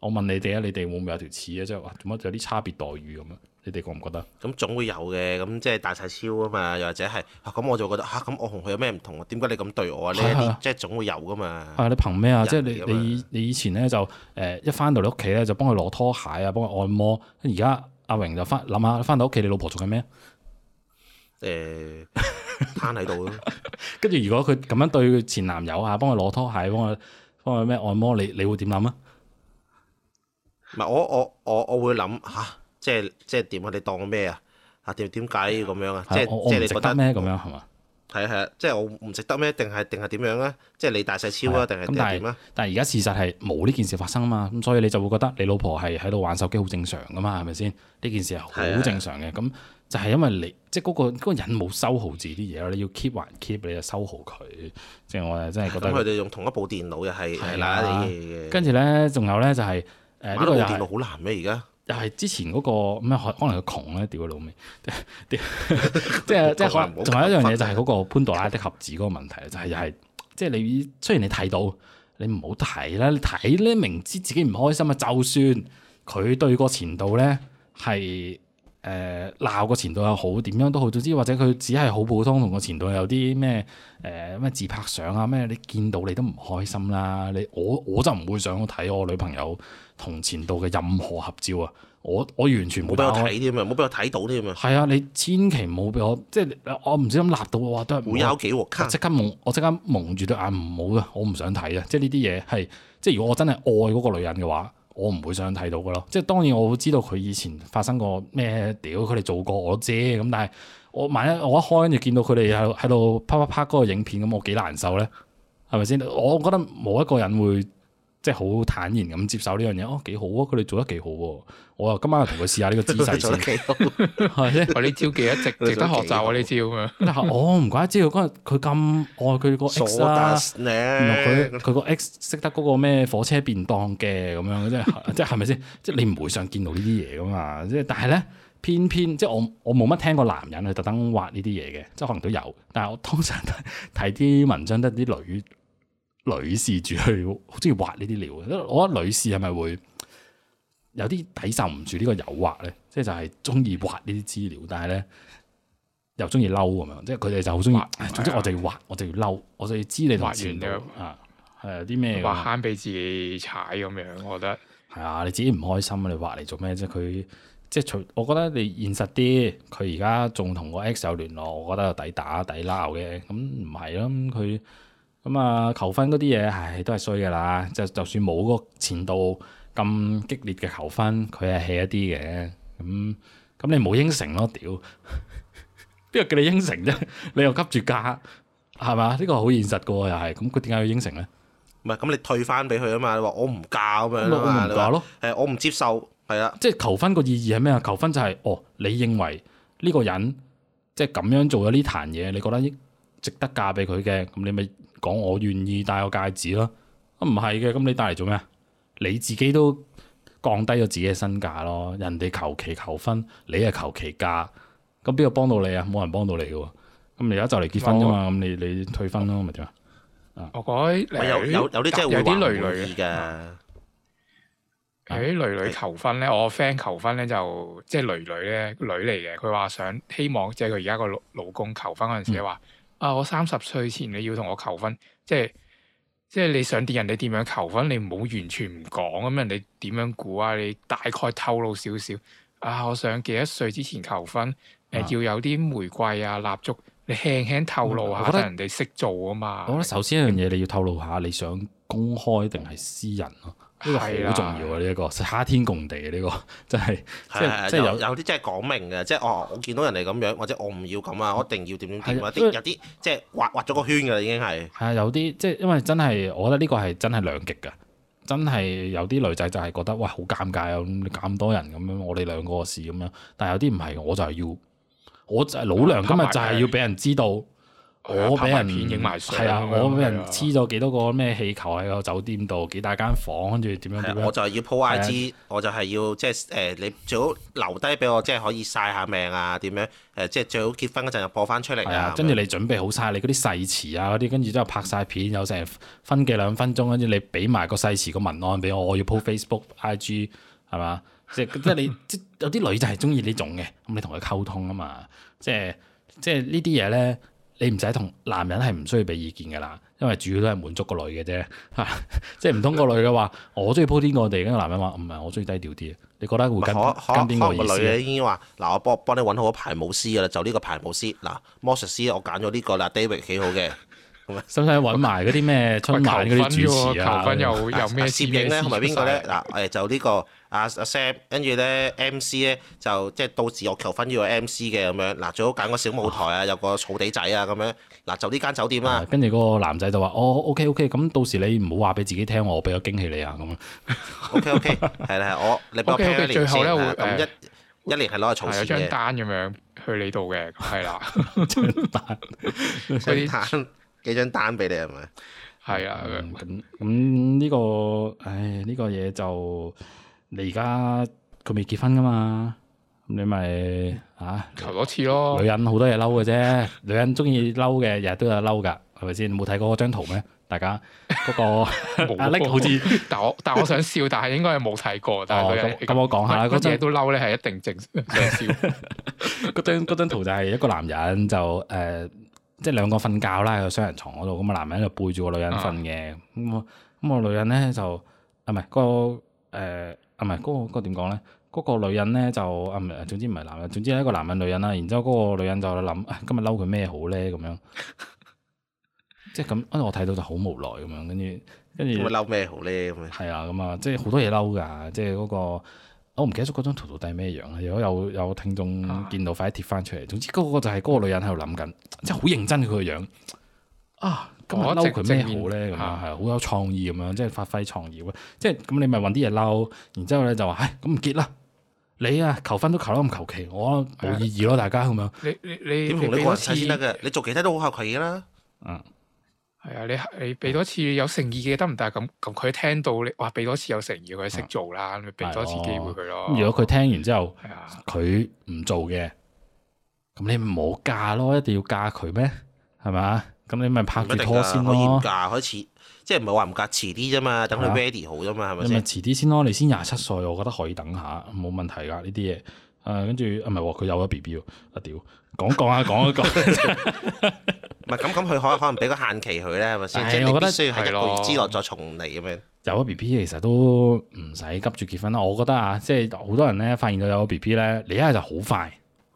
我問你哋啊，你哋會唔會有條刺啊？即係話做乜有啲差別待遇咁樣？你哋覺唔覺得？咁總會有嘅，咁即係大細超啊嘛。又或者係咁，啊、我就覺得嚇，咁我同佢有咩唔同啊？點解你咁對我啊？呢啲即係總會有噶嘛。啊，嘛啊，你憑咩啊？即係你你你以前咧就誒、呃、一翻到你屋企咧就幫佢攞拖鞋啊，幫佢按摩。而家阿榮就翻諗下翻到屋企，你老婆做緊咩？誒、呃，攤喺度咯。跟住 如果佢咁樣對前男友啊，幫佢攞拖鞋，幫佢幫佢咩按摩，你你，你會點諗啊？唔係我我我我會諗吓、啊，即係即係點啊？你當咩啊？吓？點解咁樣啊？的即係即係你覺得咩咁樣係嘛？係啊係啊，即係我唔值得咩？定係定係點樣啊？即係你大細超啊？定係定點啊？但係而家事實係冇呢件事發生啊嘛，咁所以你就會覺得你老婆係喺度玩手機好正常噶嘛，係咪先？呢件事係好正常嘅，咁的就係因為你即係嗰個個人冇收好自己啲嘢，你要 keep or keep，你就收好佢。即係我真係覺得。咁佢哋用同一部電腦又係係邋，跟住咧，仲有咧就係、是。誒呢個又電腦好難咩？而家又係之前嗰，嗰個咩？可能佢窮咧，屌佢老味！即係即係，仲 有一樣嘢就係嗰個潘多拉的盒子嗰個問題，就係又係即係你雖然你睇到，你唔好睇啦，你睇咧明知自己唔開心啊，就算佢對個前度咧係。誒鬧個前度又好點樣都好，總之或者佢只係好普通，同個前度有啲咩誒咩自拍相啊咩，你見到你都唔開心啦、啊！你我我就唔會想睇我女朋友同前度嘅任何合照啊！我我完全冇俾我睇添啊！冇俾我睇到添啊！係啊！你千祈唔好俾我，即係我唔小心辣到嘅話都係會有幾鑊卡，即刻蒙我即刻蒙住對眼唔好啦！我唔想睇啊！即係呢啲嘢係即係如果我真係愛嗰個女人嘅話。我唔會想睇到㗎囉，即係當然我會知道佢以前發生過咩屌，佢哋做過我都知咁，但係我萬一我一開住見到佢哋喺度啪啪啪嗰個影片咁，我幾難受咧，係咪先？我覺得冇一個人會。即係好坦然咁接受呢樣嘢，哦幾好啊！佢哋做得幾好喎，我啊今晚啊同佢試下呢個姿勢先，係啫。呢招幾好值，值得學習我呢招啊！我唔怪得之佢嗰日佢咁愛佢個 X 啦，佢佢個 X 識得嗰個咩火車便當嘅咁樣，即係即係係咪先？即係 你唔會想見到呢啲嘢噶嘛？即係但係咧，偏偏即係我我冇乜聽過男人係特登畫呢啲嘢嘅，即係可能都有，但係我通常睇睇啲文章得啲女。女士住去好中意畫呢啲料嘅，我覺得女士係咪會有啲抵受唔住個呢個誘惑咧？即係就係中意畫呢啲資料，但係咧又中意嬲咁樣，即係佢哋就好中意。畫總之我就要畫，啊，我就要嬲，我就要知你同前度啊，係啲咩畫慳俾自己踩咁樣，我覺得係啊，你自己唔開心，你畫嚟做咩啫？佢即係除，我覺得你現實啲。佢而家仲同個 x 有聯絡，我覺得抵打抵鬧嘅。咁唔係咯，佢。咁啊、嗯，求婚嗰啲嘢，係都係衰噶啦。就就算冇嗰個前度咁激烈嘅求婚，佢係 hea 一啲嘅。咁、嗯、咁、嗯嗯嗯、你冇應承咯，屌，邊 個叫你應承啫？ 你又急住嫁，係咪？呢個好現實噶，又、嗯、係。咁佢點解要應承咧？唔係，咁你退翻俾佢啊嘛？你話我唔嫁咁樣啊？我唔嫁咯。誒，我唔接受。係啦，即係求婚個意義係咩啊？求婚就係、是，哦，你認為呢個人即係咁樣做咗呢壇嘢，你覺得值得嫁俾佢嘅？咁你咪。講我願意戴個戒指咯。唔係嘅，咁你戴嚟做咩？你自己都降低咗自己嘅身價咯。人哋求其求婚，你係求其嫁，咁邊個幫到你啊？冇人幫到你嘅。咁你而家就嚟結婚啫嘛，咁了你你退婚咯，咪點啊？我改有有有啲真係有啲女女嘅，有啲女女求婚咧，我 friend 求婚咧就即係女女咧，女嚟嘅。佢話想希望即係佢而家個老公求婚嗰陣時話。嗯啊！我三十歲前你要同我求婚，即係即係你想點，人哋點樣求婚，你唔好完全唔講咁，人哋點樣估啊？你大概透露少少啊！我想幾多歲之前求婚，誒、啊、要有啲玫瑰啊、蠟燭，你輕輕透露下，人哋識做啊嘛。我覺得首先一樣嘢你要透露下，你想公開定係私人咯？呢個好重要啊！呢一、這個差天共地、這個、啊！呢個真係，即係即係有有啲真係講明嘅，即係哦，我見到人哋咁樣，或者我唔要咁啊，我一定要點點點、或、啊、有啲即係畫畫咗個圈噶啦，已經係係啊，有啲即係因為真係，我覺得呢個係真係兩極噶，真係有啲女仔就係覺得嘩，好尷尬啊，咁、嗯、咁多人咁樣，我哋兩個事咁樣，但係有啲唔係，我就係要，我就係老娘今日就係要俾人知道。哎我俾人影埋相，係啊！我俾人黐咗幾多個咩氣球喺個酒店度，幾大間房間，跟住點樣我就係要 po I G，我就係要即係誒，你最好留低俾我，即係可以晒下命啊，點樣誒、呃？即係最好結婚嗰陣就播翻出嚟啊！跟住嗎你準備好晒，你嗰啲誓詞啊嗰啲，跟住之後拍晒片，有成分幾兩分鐘，跟住你俾埋個誓詞個文案俾我，我要 po Facebook I G 係嘛？即係即係 你即有啲女仔係中意呢種嘅，咁你同佢溝通啊嘛，即係即係呢啲嘢咧。你唔使同男人係唔需要俾意見嘅啦，因為主要都係滿足個女嘅啫嚇，即係唔通個女嘅話，我中意鋪天蓋地，咁個男人話唔係我中意低調啲，你覺得會跟不跟邊個可意思？個女嘅已經話嗱，我幫幫你揾好排舞師嘅啦，就呢個排舞師嗱，魔術師我揀咗呢個啦，David 幾好嘅，使唔使揾埋嗰啲咩春晚嗰啲主持啊？求婚又又咩攝影咧，同埋邊個咧？嗱、啊、誒、哎，就呢個。阿阿 Sam 跟住咧，MC 咧就即係到時我求婚要個 MC 嘅咁樣。嗱，最好揀個小舞台啊，有個草地仔啊咁樣。嗱，就呢間酒店啦。跟住嗰個男仔就話：哦 OK OK，咁到時你唔好話俾自己聽，我俾個驚喜你啊咁啊。OK OK，係啦，我你個 Kylie 先。OK OK，最後咧會一一年係攞個草底嘅。係張單咁樣去你度嘅，係啦。張單，幾張單俾你係咪？係啊。咁咁呢個，唉，呢個嘢就～你而家佢未結婚噶嘛？你咪嚇求多次咯。女人好多嘢嬲嘅啫，女人中意嬲嘅，日日都有嬲噶，係咪先？冇睇過嗰張圖咩？大家嗰個阿叻好似，但我但我想笑，但係應該係冇睇過。哦，咁咁我講下啦。嗰張嘢都嬲咧，係一定正想笑。嗰張嗰張圖就係一個男人就誒，即係兩個瞓覺啦，喺個雙人床嗰度咁啊，男人就背住個女人瞓嘅。咁啊咁啊，女人咧就啊係咪？嗰個係嗰、啊那個嗰、那個點講咧？嗰、那個女人咧就啊唔，總之唔係男人，總之係一個男人女人啦。然之後嗰個女人就諗、哎，今日嬲佢咩好咧？咁樣，即係咁，因為我睇到就好無奈咁、啊、樣，跟住跟住嬲咩好咧？咁啊係啊，咁啊，即係好多嘢嬲噶，即係嗰個我唔記得咗嗰張圖到底咩樣啦。如果有有聽眾見到，快啲貼翻出嚟。總之嗰個就係嗰個女人喺度諗緊，即係好認真佢個樣。啊！咁我嬲佢咩好咧？咁樣係啊，好有創意咁樣，即係發揮創意啊！即係咁，你咪搵啲嘢嬲，然之後咧就話唉，咁唔結啦！你啊，求婚都求得咁求其，我冇意義咯，大家咁樣。你你你點同你講次先得嘅？你做其他都好下佢嘅啦。嗯，係啊，你你俾多次有誠意嘅得唔得啊？咁咁佢聽到你，哇！俾多次有誠意，佢識做啦，俾多次機會佢咯。如果佢聽完之後，係啊，佢唔做嘅，咁你唔好嫁咯，一定要嫁佢咩？係咪？咁你咪拍住拖先咯，可以㗎，可以遲，即係唔係話唔隔遲啲啫嘛，等佢 ready 好啫嘛，係咪的先？遲啲先咯，你先廿七歲，我覺得可以等下，冇問題㗎呢啲嘢。誒，跟住啊，唔係喎，佢、啊啊、有咗 B B，啊屌，講講啊，講一講。唔係咁咁，佢可可能俾個限期佢咧，係咪先？即係呢啲需要係一個月之後再重嚟咁樣。有咗 B B 其實都唔使急住結婚啦，我覺得啊，即係好多人咧發現到有咗 B B 咧，你一係就好快。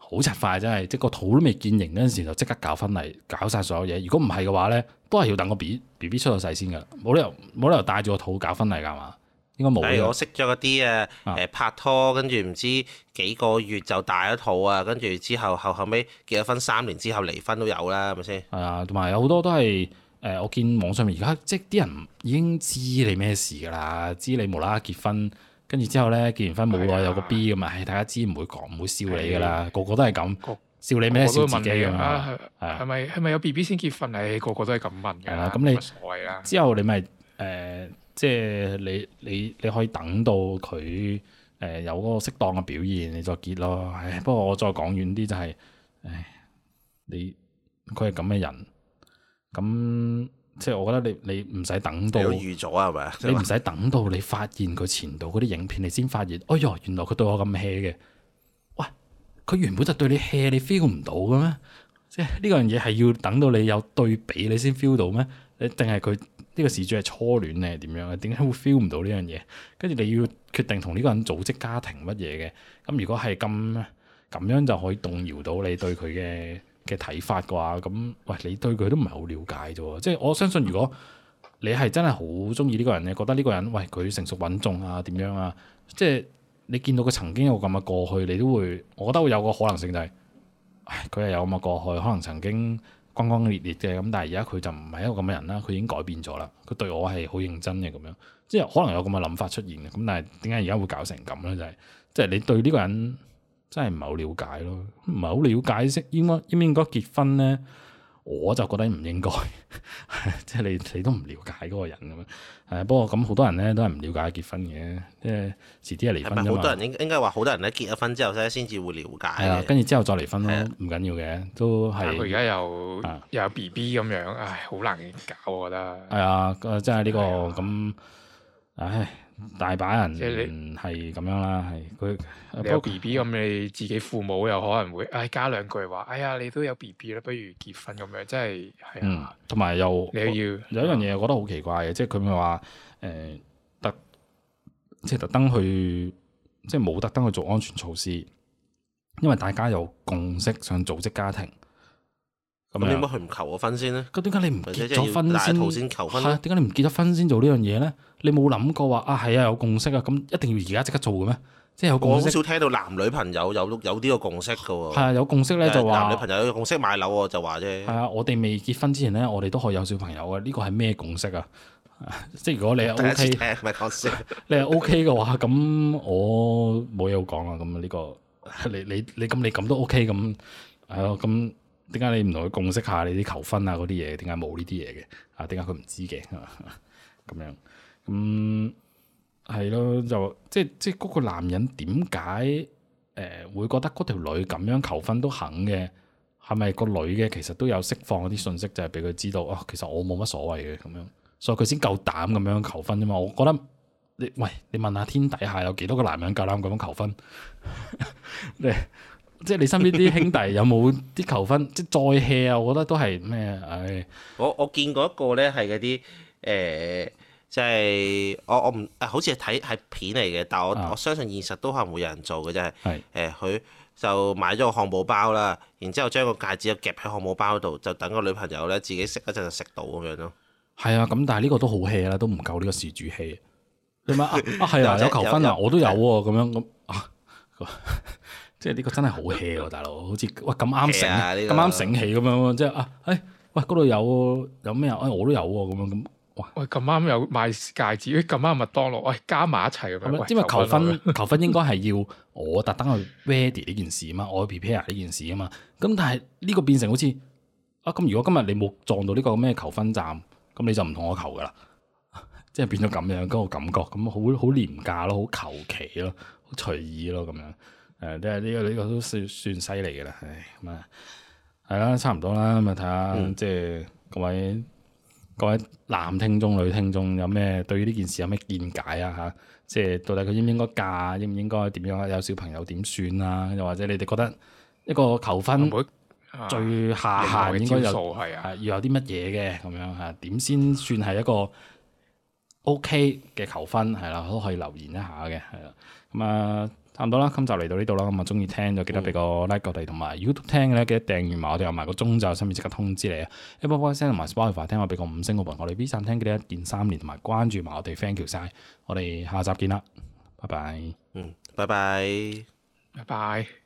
好拆快真係，即個肚都未見形嗰陣時就即刻搞婚禮，搞晒所有嘢。如果唔係嘅話咧，都係要等個 B B 出咗世先噶冇理由冇理由帶住個肚搞婚禮噶嘛？應該冇。例如我識咗一啲啊，誒拍拖，跟住唔知幾個月就大咗肚啊，跟住之後後後尾結咗婚三年之後離婚都有啦，係咪先？係啊，同埋有好多都係誒，我見網上面而家即啲人已經知你咩事噶啦，知你無啦啦結婚。跟住之後咧，結完婚冇耐有個 B 咁啊，大家知唔會講唔會笑你噶啦，個個都係咁笑你咩笑自己咁啊？係咪係咪有 B B 先結婚啊？唉，個個都係咁問嘅。係啦，咁你之後你咪誒、呃，即係你你你，你可以等到佢誒有嗰個適當嘅表現，你再結咯。唉，不過我再講遠啲就係、是，唉，你佢係咁嘅人，咁、嗯。嗯即係我覺得你你唔使等到你預咗係咪？是是你唔使等到你發現佢前度嗰啲影片，你先發現，哦、哎、呦，原來佢對我咁 hea 嘅。喂，佢原本就對你 hea，你 feel 唔到嘅咩？即係呢樣嘢係要等到你有對比你，你先 feel 到咩？你定係佢呢個事主係初戀定係點樣？點解會 feel 唔到呢樣嘢？跟住你要決定同呢個人組織家庭乜嘢嘅？咁如果係咁咁樣，就可以動搖到你對佢嘅 嘅睇法嘅話，咁喂，你對佢都唔係好了解啫喎，即係我相信，如果你係真係好中意呢個人，你覺得呢個人，喂，佢成熟穩重啊，點樣啊，即係你見到佢曾經有咁嘅過去，你都會，我覺得會有個可能性就係，唉，佢係有咁嘅過去，可能曾經轟轟烈烈嘅，咁但係而家佢就唔係一個咁嘅人啦，佢已經改變咗啦，佢對我係好認真嘅咁樣，即係可能有咁嘅諗法出現，咁但係點解而家會搞成咁咧？就係，即係你對呢個人。真係唔係好了解咯，唔係好了解應該應唔應該結婚咧？我就覺得唔應該，即 係你你都唔了解嗰個人咁樣。係啊，不過咁好多人咧都係唔了解結婚嘅，即係遲啲係離婚。係咪好多人應應該話好多人咧結咗婚之後先先至會了解？係啊，跟住之後再離婚咯，唔緊要嘅，都係。佢而家又又有 BB 咁樣，唉，好難搞，我覺得。係啊，誒、就是這個，即係呢個咁，唉。大把人，即係你係咁樣啦，係佢有 B B 咁，你自己父母又可能會，唉加兩句話，哎呀你都有 B B 啦，不如結婚咁樣，真係係啊。嗯，同埋又你又要我、啊、有一樣嘢，我覺得好奇怪嘅，即係佢咪話誒，呃、特即係特登去，即係冇特登去，去做安全措施，因為大家有共識想組織家庭。咁點解佢唔求我婚先咧？咁點解你唔結咗婚先？係啊，點解你唔結咗婚先做呢樣嘢咧？你冇諗過話啊？係啊，有共識啊！咁一定要而家即刻做嘅咩？即係有共識。我好少聽到男女朋友有有呢個共識嘅喎。係啊，有共識咧就話、啊、男女朋友有共識買樓喎，就話啫。係啊，我哋未結婚之前咧，我哋都可以有小朋友啊，呢個係咩共識啊？ 即係如果你係 OK，唔係講你係 OK 嘅話，咁 我冇嘢好講啊。咁呢、呢個你你你咁你咁都 OK 咁係咯咁。嗯點解你唔同佢共識下你啲求婚啊嗰啲嘢？點解冇呢啲嘢嘅？啊，點解佢唔知嘅？咁 樣嗯係咯？就即係即係嗰個男人點解誒會覺得嗰條女咁樣求婚都肯嘅？係咪個女嘅其實都有釋放一啲信息，就係俾佢知道啊、哦？其實我冇乜所謂嘅咁樣，所以佢先夠膽咁樣求婚啫嘛？我覺得你喂，你問下天底下有幾多個男人夠膽咁樣求婚？你？ 即係你身邊啲兄弟有冇啲求婚？ 即再 hea 啊！我覺得都係咩？唉、哎，我我見過一個咧，係嗰啲誒，即、就、係、是、我我唔，好似係睇係片嚟嘅，但係我、啊、我相信現實都可能會有人做嘅，真、欸、係。係誒、嗯，佢就買咗個漢堡包啦，然之後將個戒指啊夾喺漢堡包度，就等個女朋友咧自己食一陣就食到咁樣咯。係啊，咁但係呢個都好 hea 啦，都唔夠呢個事主 hea。點啊？啊係啊， 有，有，有求婚啊，我都有喎，咁樣咁 即係呢個真係好 hea 喎，大佬，好似喂咁啱醒，咁啱醒起咁樣，即係啊，誒，喂，嗰度，有有咩啊？誒、這個，我都有喎，咁樣咁，喂，咁啱有賣戒指，咁啱麥當勞，喂，加埋一齊咁。咁即係求婚分，求婚應該係要我特登去 ready 呢件事啊嘛，我去 prepare 呢件事啊嘛。咁但係呢個變成好似啊，咁如果今日你冇撞到呢個咩求婚站，咁你就唔同我求噶啦。即係變咗咁樣嗰個感覺，咁好好廉價咯，好求其咯，好隨意咯，咁樣。誒，即係呢個呢、呢個都算算犀利嘅啦，咁啊，係、嗯、啦，差唔多啦，咁啊，睇下即係各位各位男聽眾、女聽眾有咩對於呢件事有咩見解啊？吓，即係到底佢應唔應該嫁，應唔應該點樣？有小朋友點算啊？又或者你哋覺得一個求婚最下限應該有、啊啊、要有啲乜嘢嘅咁樣吓？點、啊、先算係一個 OK 嘅求婚係啦？都、啊、可以留言一下嘅，係啦，咁啊～、嗯嗯啊。差唔多啦，今集嚟到呢度啦，咁啊中意聽就記得俾個 like 我哋，同埋、嗯、YouTube 聽嘅咧記得訂閱埋我哋，有埋個鐘就上面即刻通知你啊、嗯、Apple Podcast 同埋 Spotify 聽我俾個五星好評，我哋 B 站聽記得一鍵三連同埋關注埋我哋 thank you 晒，我哋下集見啦，拜拜，嗯，拜拜，拜拜 bye。Bye bye